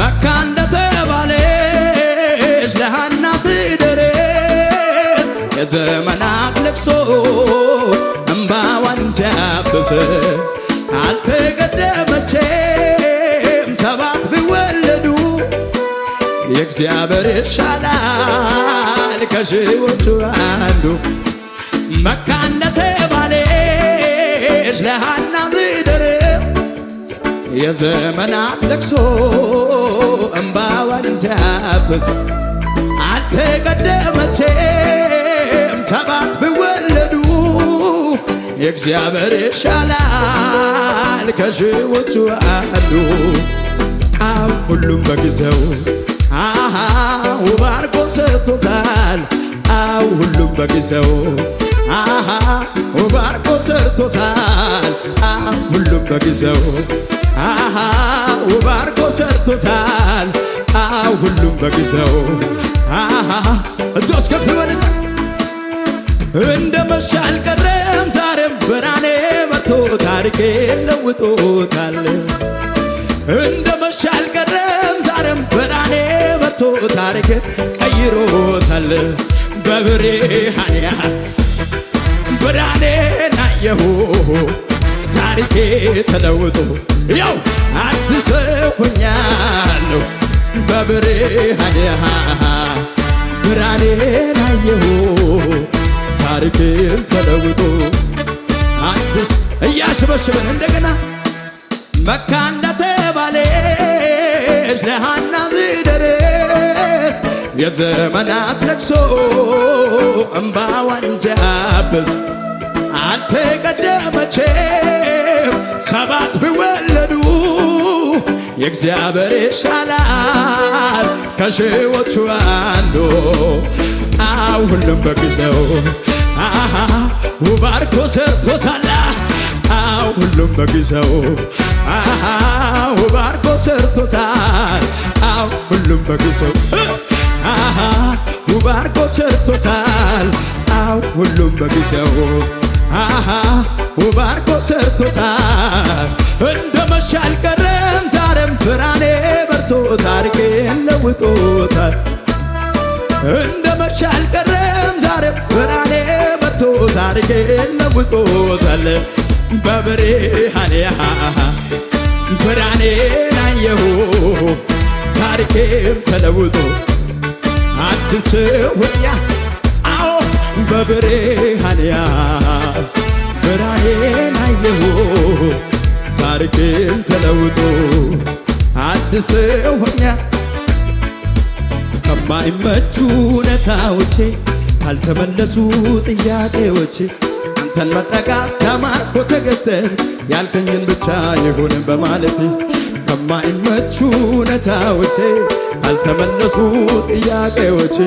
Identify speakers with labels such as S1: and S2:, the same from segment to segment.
S1: መካ እንደተባለች ለሃና ስደርስ የዘመናት ልቅሶ እምባዋንም ሲያብስ አልተገደመችም ሰባት ቢወለዱ የእግዚአብሔር ይሻላል ከሺዎቹ አንዱ መካ እንደተባለች ለሃና ስደርስ የዘመናት ልቅሶ እምባዋን ሲያብስ አልተቀደመችም ሰባት ብወለዱ የእግዚአብሔር ይሻላል ከሺዎቹ አንዱ አብ ሁሉም በጊዜው አሃ ውብ አርጎ ሰጥቶታል። አብ ሁሉም በጊዜው አሃ ውብ አርጎ ሰርቶታል። ሁሉም በጊዜው አሃ ውባርኮ ሰርቶታል። አው ሁሉም በጊዜው አሃ ከፍ ይበልን። እንደ መሻ አልቀረም ዛሬም ብርሃኔ መጥቶ ታሪኬን ለውጦታል። እንደ መሻ አልቀረም ዛሬም ብርሃኔ መጥቶ ታሪኬን ቀይሮታል። በብርሃኔ ብርሃኔን አየሁ ታሪኬ ተለውጦ ያው አዲስ ሆኛለሁ በብርሃን ብርሃኔን አየሁ ታሪኬም ተለውጦ አዲስ እያሽበሽበን እንደገና መካ እንደተባለች ለሃና ዝደርስ የዘመናት ለቅሶ እምባዋን ሲያብስ አንተ ቀደመቼም ሰባት ቢወለዱ የእግዚአብሔር ይሻላል ከሺዎቹ አንዱ አው ሁሉም በጊዜው ውባርኮ ሰርቶታል አው ሁሉም በጊዜው ውባርኮ ሰርቶታል አው ሁሉም በጊዜው ውባርኮ ሰርቶታል አው ሁሉም በጊዜው አሃ ውባርኮ ሰርቶታል እንደ መሻል ቀረም ዛሬም ብርሃኔ በርቶ ታሪኬን ለውጦታል እንደ መሻል ቀረም ዛሬም ብርሃኔ በርቶ ታሪኬን ለውጦታል በብርሃኔ ብርሃኔን አየሁ ታሪኬም ተለውጦ አዲስ ሁኛ በብርሃን ያ ብርሃኔን አየሁ ታሪኬን ተለውጦ አዲስ ሆኛ ከማይመቹ ሁኔታዎቼ ካልተመለሱ ጥያቄዎቼ አንተን መጠጋት ተማርኮ ተገዝተን ያልከኝን ብቻ ይሁን በማለቴ ከማይመቹ ሁኔታዎቼ ካልተመለሱ ጥያቄዎቼ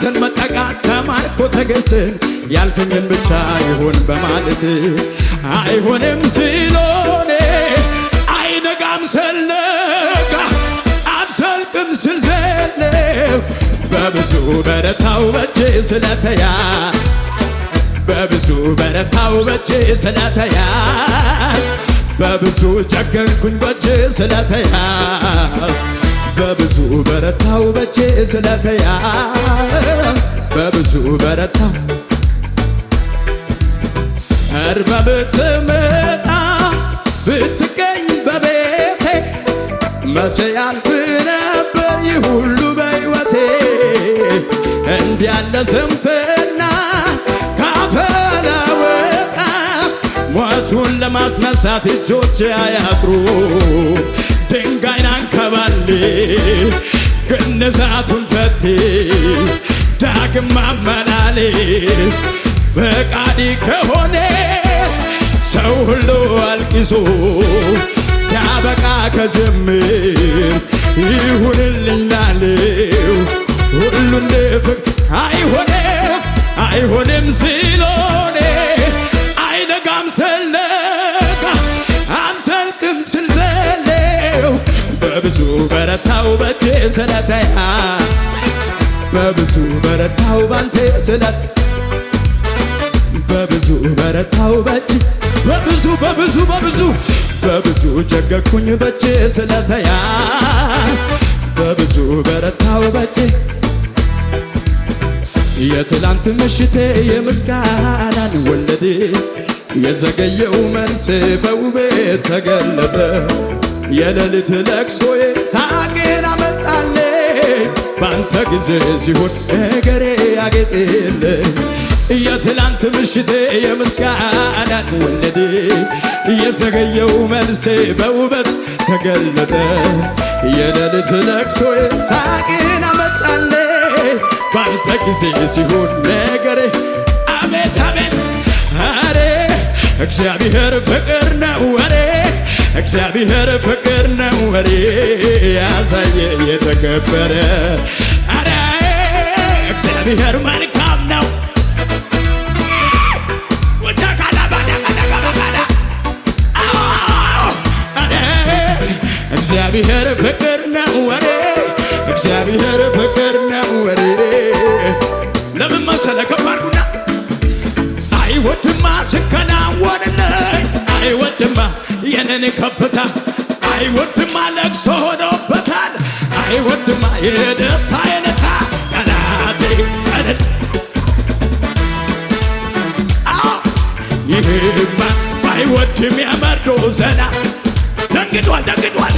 S1: አንተን መጠጋት ተማርኮ ተገዝተን ያልከኝን ብቻ ይሆን በማለት አይሆንም ሲሎኔ አይነጋም ስልነጋ አብሰልቅም ስልዘለው በብዙ በረታው በቼ ስለተያ በብዙ በረታው በቼ ስለተያዝ በብዙ ጨገንኩኝ በቼ ስለተያዝ በብዙ በረታው በቼ ስለተያ በብዙ በረታው እርበ ብትመጣ ብትገኝ በቤቴ መቼ ያልፍ ነበር ይህ ሁሉ በሕይወቴ እንዲያለ ስንፍና ካፈለወጣ ሟቹን ለማስነሳት እጆች አያጥሩ መላሌ ግነዛቱን ፈቴ ዳግም ማመላለስ ፈቃዲ ከሆነ ሰው ሁሉ አልቅሶ ሲያበቃ ከጀምር ይሁንልኝ ላለው ሁሉ እንደ ፍቅ አይሆንም አይሆንም ሲሎን በብዙ በረታው በእጄ ስለተያ በብዙ በረታው ባንቴ ስለ በብዙ በረታው በእጅ በብዙ በብዙ በብዙ በብዙ ጀገኩኝ በእጄ ስለተያ በብዙ በረታው በእጄ የትላንት ምሽቴ የምስጋናን ወለዴ የዘገየው መልስ በውቤ ተገለጠ የሌሊት ለቅሶዬ ሳቄን አመጣልኝ ባንተ ጊዜ ሲሆን እገሬ ያጌጤልኝ የትላንት ምሽቴ የምስጋናን ወለዴ የዘገየው መልሴ በውበት ተገለጠ የሌሊት ለቅሶዬ ሳቄን አመጣልኝ ባንተ ጊዜ ሲሆን ነገሬ አቤት አቤት አሬ እግዚአብሔር ፍቅር ነው አሬ እግዚአብሔር ፍቅር ነው ወሬ ያሳየ የተከበረ አረ እግዚአብሔር መልካም ነው። እግዚአብሔር ፍቅር ነው ወሬ እግዚአብሔር ይህንን ከፍታ አይወድማ ለቅሶ ሆኖበታል። አይወድማ የደስታ አይነታ ቀናቴ ይህማ ባይወድም ያመዶ ዘና ደንግጧል ደንግጧል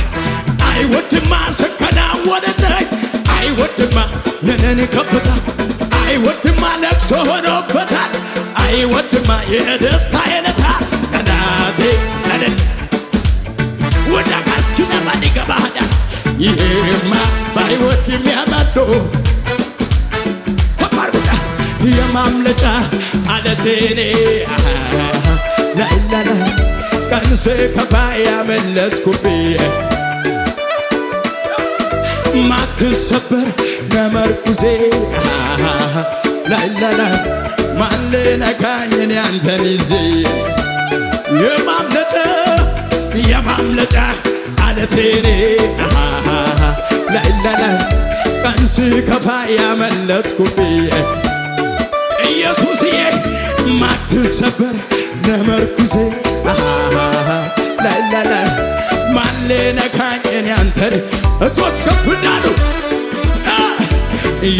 S1: አይወድማ ስከናወንልኝ አይወድማ የነኔ ከፍታ አይወድማ ለቅሶ ሆኖበታል አይወድማ የደስታ አይነታ ቀናቴ ቀነን ወደ አስኪና ማን ገባዳ ይሄማ ባይወት የሚያባዶ ከባርጉዳ የማምለጫ አለቴኔ ላይላላ ቀንሴ ከፋ ያመለጥኩቤ ማትሰበር ነመርኩዜ ላይላላ ማን ነካኝን ያንተን ይዜ የማምለጫ የማምለጫ አለቴ ላይላላ ቀንስ ከፋ ያመለጥኩብዬ ኢየሱስዬ ማትሰበር ነመርኩዜ ላይላላ ማሌ ነካኝ እኔ አንተን እጆች ከፍ እንዳሉ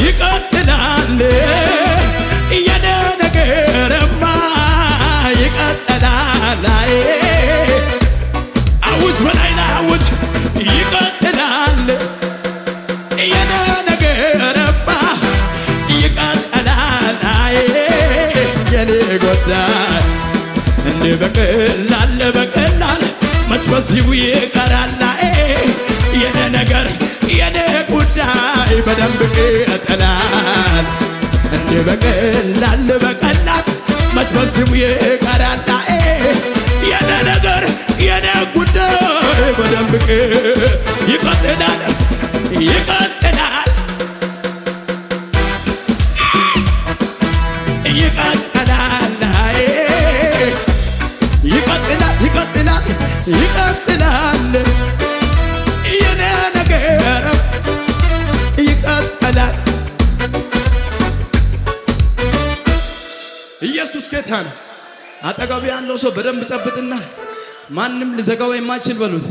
S1: ይቀጥላል የኔ ነገርማ ይቀጥላል ፈውስ በናይናውት ይቀጥላል። የኔ ነገርማ ይቀጥላል። የኔ ጉዳይ እንደ በቀላል በቀላል መች በዚሁ ይቀራል። የኔ ነገር የኔ ጉዳይ በደንብ ይቀጥላል። እንደ በቀላል በቀላል መች በዚሁ ይቀራል። የኔ ነገር የኔ ጉዳይ በደንብቅ ይቀጥላል ይቀጥላል ይቀጥላል ይቀጥላል ይቀጥላል አጠገቡ ያለው ሰው በደንብ ጨብጥና ማንም ልዘጋው የማይችል በሉት።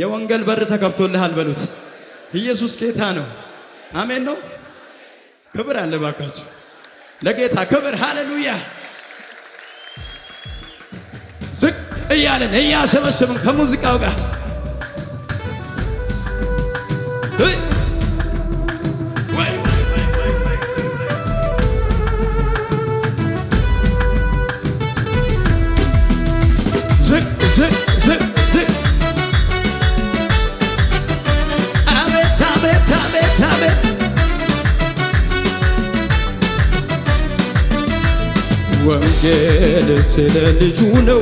S1: የወንጌል በር ተከፍቶልሃል በሉት። ኢየሱስ ጌታ ነው። አሜን ነው። ክብር አለ ባካችሁ ለጌታ ክብር። ሃሌሉያ። ዝቅ እያለን እያሰበሰብን ከሙዚቃው ጋር ስለ ልጁ ነው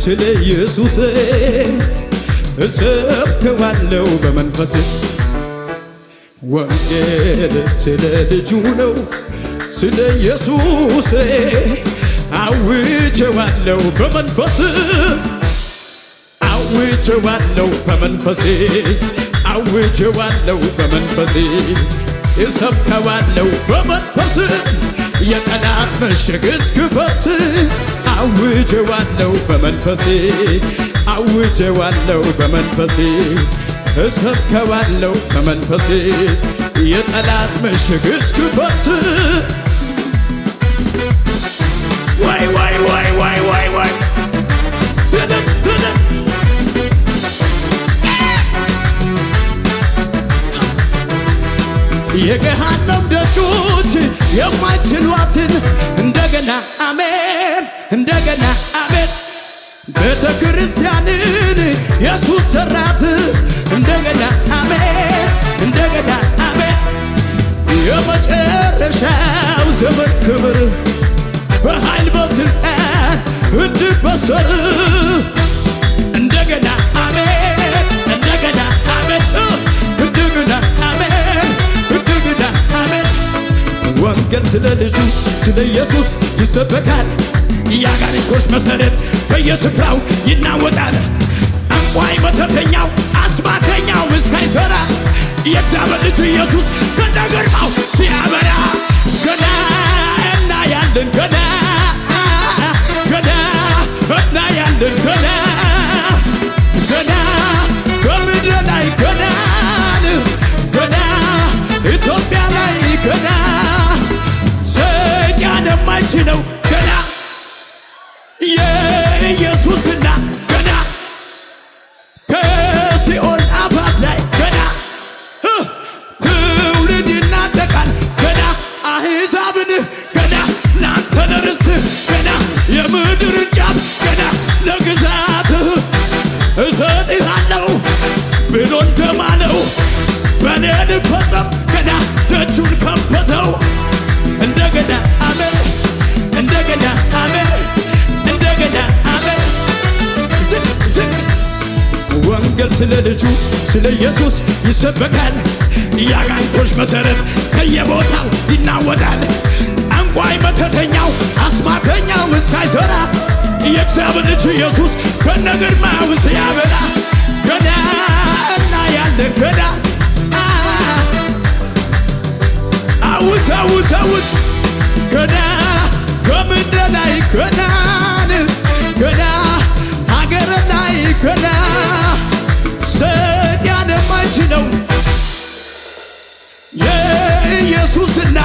S1: ስለ ኢየሱስ እሰብከዋለው በመንፈስ ወንጌል ስለ ልጁ ነው ስለ ኢየሱስ አውጀዋለው በመንፈስ አውጀዋለው በመንፈሴ አውጀዋለው በመንፈሴ እሰብከዋለው በመንፈስ የጠላት ምሽግ እስክፈርስ awuje ዋናው በመንፈሴ አውጀ ዋለው በመንፈሴ እሰብከዋለው በመንፈሴ የጠላት ምሽግ እስክፈርስ ዋይ ዋይ ዋይ ዋይ ዋይ ዋይ ዝንብ ዝንብ የገሃነም ደጆች የማይችሏትን እንደገና አሜን እንደገና አቤት ቤተ ክርስቲያንን ኢየሱስ ሰራት እንደገና አቤት እንደገና አሜን የመጨረሻው ዘመን ክብር በኃይል በስልጣን እድል በሰር እንደገና ሲናገር ስለ ልጁ ስለ ኢየሱስ ይሰበካል። የአጋንንቶች መሰረት በየስፍራው ይናወጣል። ጠንቋይ፣ መተተኛው፣ አስማተኛው እስካይሰራ የእግዚአብሔር ልጁ ኢየሱስ ገና ሲያበራ ገና እናያለን ገና ገና እናያለን ገና ገና በምድር ላይ ገና ገና ኢትዮጵያ ላይ ገና ወደማይችለው ገና የኢየሱስን ይሰበካል። የአጋንንቶች መሰረት ከየቦታው ይናወጣል። ጠንቋይ፣ መተተኛው፣ አስማተኛው እስካይሰራ የእግዚአብሔር ልጅ ኢየሱስ ከነገር ማውስ ገና እና ያለ ገና አውዝ አውዝ ገና ከምድር ላይ ገና ነው የኢየሱስና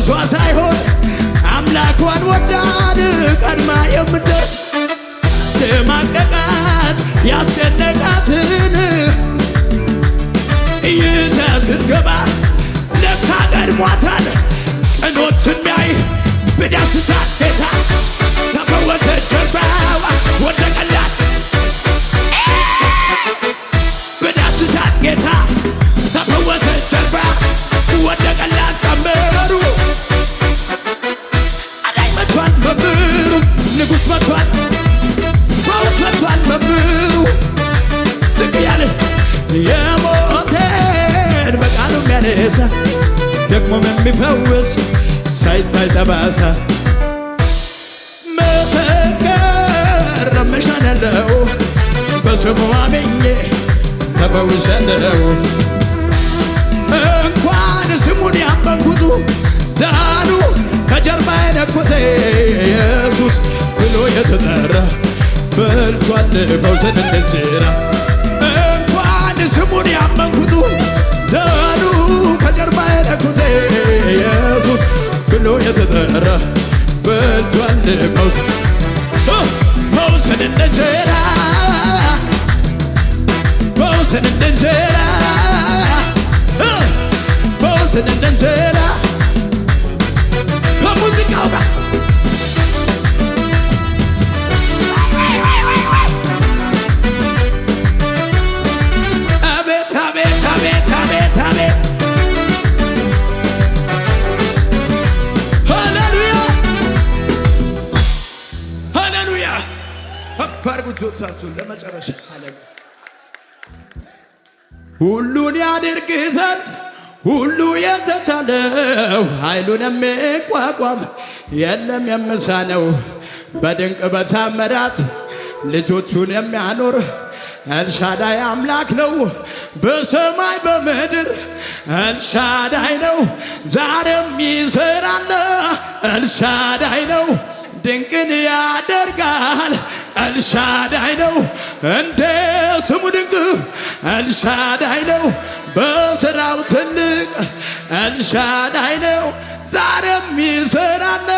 S1: እርሷ ሳይሆን አምላኳን ወዳድ ቀድማ የምደርስ ደማቀቃት ያስደነቃትን እይተ ስትገባ ለካ ቀድሟታል። ቀኖት ስናይ ብዳስሳት ጌታ ተፈወሰ ጀርባዋ ወደቀላት ብዳስሳት ጌታ ንጉሥ መጥቷል፣ ፈውስ መጥቷል። መብሩ ዝቅ ያለ የሞቴን በቃሉ የሚያነሳ ደግሞም የሚፈውስ ሳይታይ ጠባሳ መሰከር ረምሻለሁ በስሙ አምኜ ተፈውሻለሁ። እንኳን ስሙን ያመንኩት ዳኑ በጀርባ የነኮሰ ኢየሱስ ብሎ የተጠራ በልቷል ፈውስን እንድንስራ እንኳን ስሙን ያመንኩቱ ደሉ ከጀርባ የነኮሰ ኢየሱስ ብሎ የተጠራ በልቷል ፈውስ ፈውስን እንድንስራ ፈውስን እንድንስራ ፈውስን እንድንስራ ከሙዚቃው ጋር አቤት አቤት አቤት አቤት አቤት ለመጨረሻ ሁሉን ያድርግ ዘንድ ሁሉ የተቻለው ኃይሉን የሚቋቋም የለም የምሳነው በድንቅ በታምራት ልጆቹን የሚያኖር ኤልሻዳይ አምላክ ነው። በሰማይ በምድር ኤልሻዳይ ነው። ዛሬም ይሰራል። ኤልሻዳይ ነው። ድንቅን ያደርጋል። ኤልሻዳይ ነው እንዴ ስሙ ድንቅ ኤልሻዳይ ነው በስራው ትልቅ ኤልሻዳይ ነው ዛሬም ይሰራል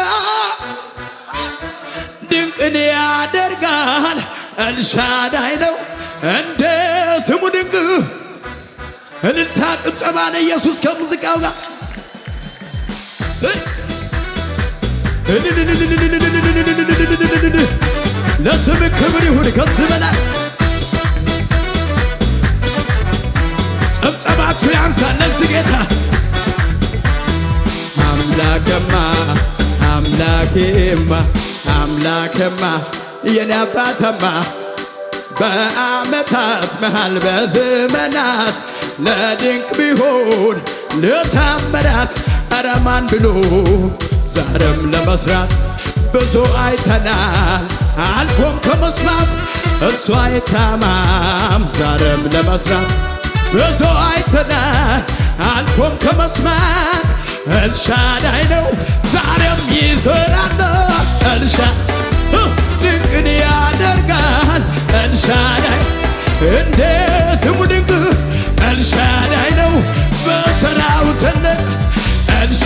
S1: ድንቅን ያደርጋል ኤልሻዳይ ነው እንዴ ስሙ ድንቅ እልልታ ጭብጨባ ለኢየሱስ ከሙዚቃው ጋር ለስም ክብር ይሁን ከስ በላይ ጸብጸባችሁ ያንሳ ለዚህ ጌታ አምላክማ አምላኬማ አምላክማ የኔ አባተማ በአመታት መሃል በዘመናት ለድንቅ ቢሆን ለታመራት አረማን ብሎ ዛሬም ለመስራት ብዙ አይተናል አልፎም ከመስማት እሱ አይታማም ዛሬም ለመስራት ብዙ አይተናል አልፎም ከመስማት ኤልሻዳይ ነው ዛሬም ይሰራል ኤልሻ ድንቅን ያደርጋል ኤልሻዳይ እንደ ስሙ ድንቅ ኤልሻዳይ ነው በሰራውትነት ኤልሻ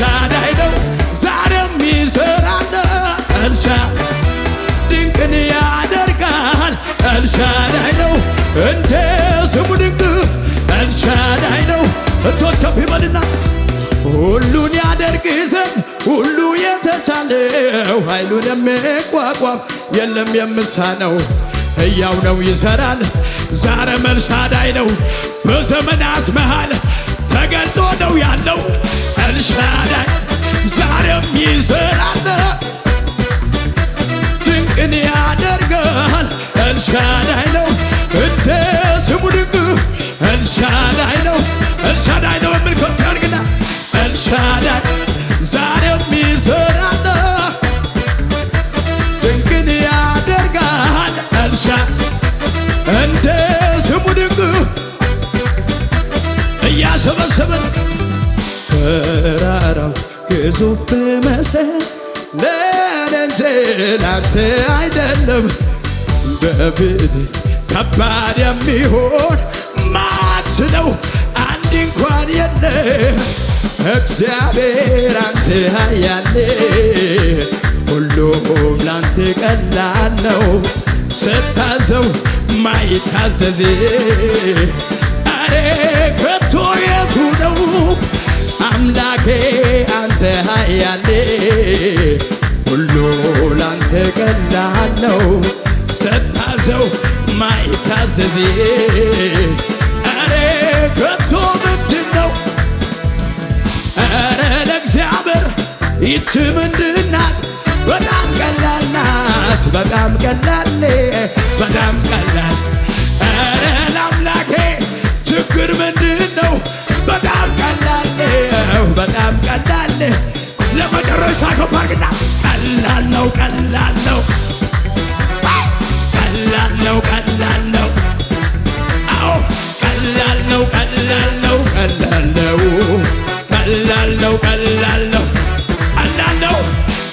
S1: ነውና ሁሉን ያደርግ ዘንድ ሁሉ የተቻለው ኃይሉን የሚቋቋም የለም የምሳነው ሕያው ነው ይሠራል ዛሬ ኤልሻዳይ ነው በዘመናት መሃል ተገልጦ ነው ያለው ኤልሻዳይ ዛሬም ይሠራል ድንቅን ያደርጋል ኤልሻዳይ ላንተ አይደለም በፊት ከባድ የሚሆን ማት ነው አንድ እንኳን የለም እግዚአብሔር አንተ ያለ ሁሉም ላንተ ቀላል ነው ስታዘው ማይታዘዝ አሬ ከቶ የቱ ነው አምላኬ አንተ ያለ ሁሉ ላንተ ገላለው ነው ስታዘው ማይታዘዝ እኔ ከቶ ምንድን ነው እረ ለእግዚአብሔር ይች ምንድን ናት? በጣም ቀላል ናት። በጣም ቀላል በጣም ቀላል እረ ለአምላኬ ችግር ምንድን ነው? በጣም ቀላል በጣም ቀላል ለመጨረሻ ከባርግና ቀላል ነው ቀላል ነው ቀላል ነው ቀላል ነው አዎ ቀላል ነው ቀላል ነው ቀላል ነው ቀላል ነው ቀላል ነው ቀላል ነው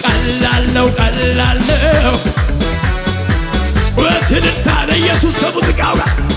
S1: ቀላል ነው ቀላል ነው ጩኸት ይድንታል ኢየሱስ ከሙዚቃው ጋር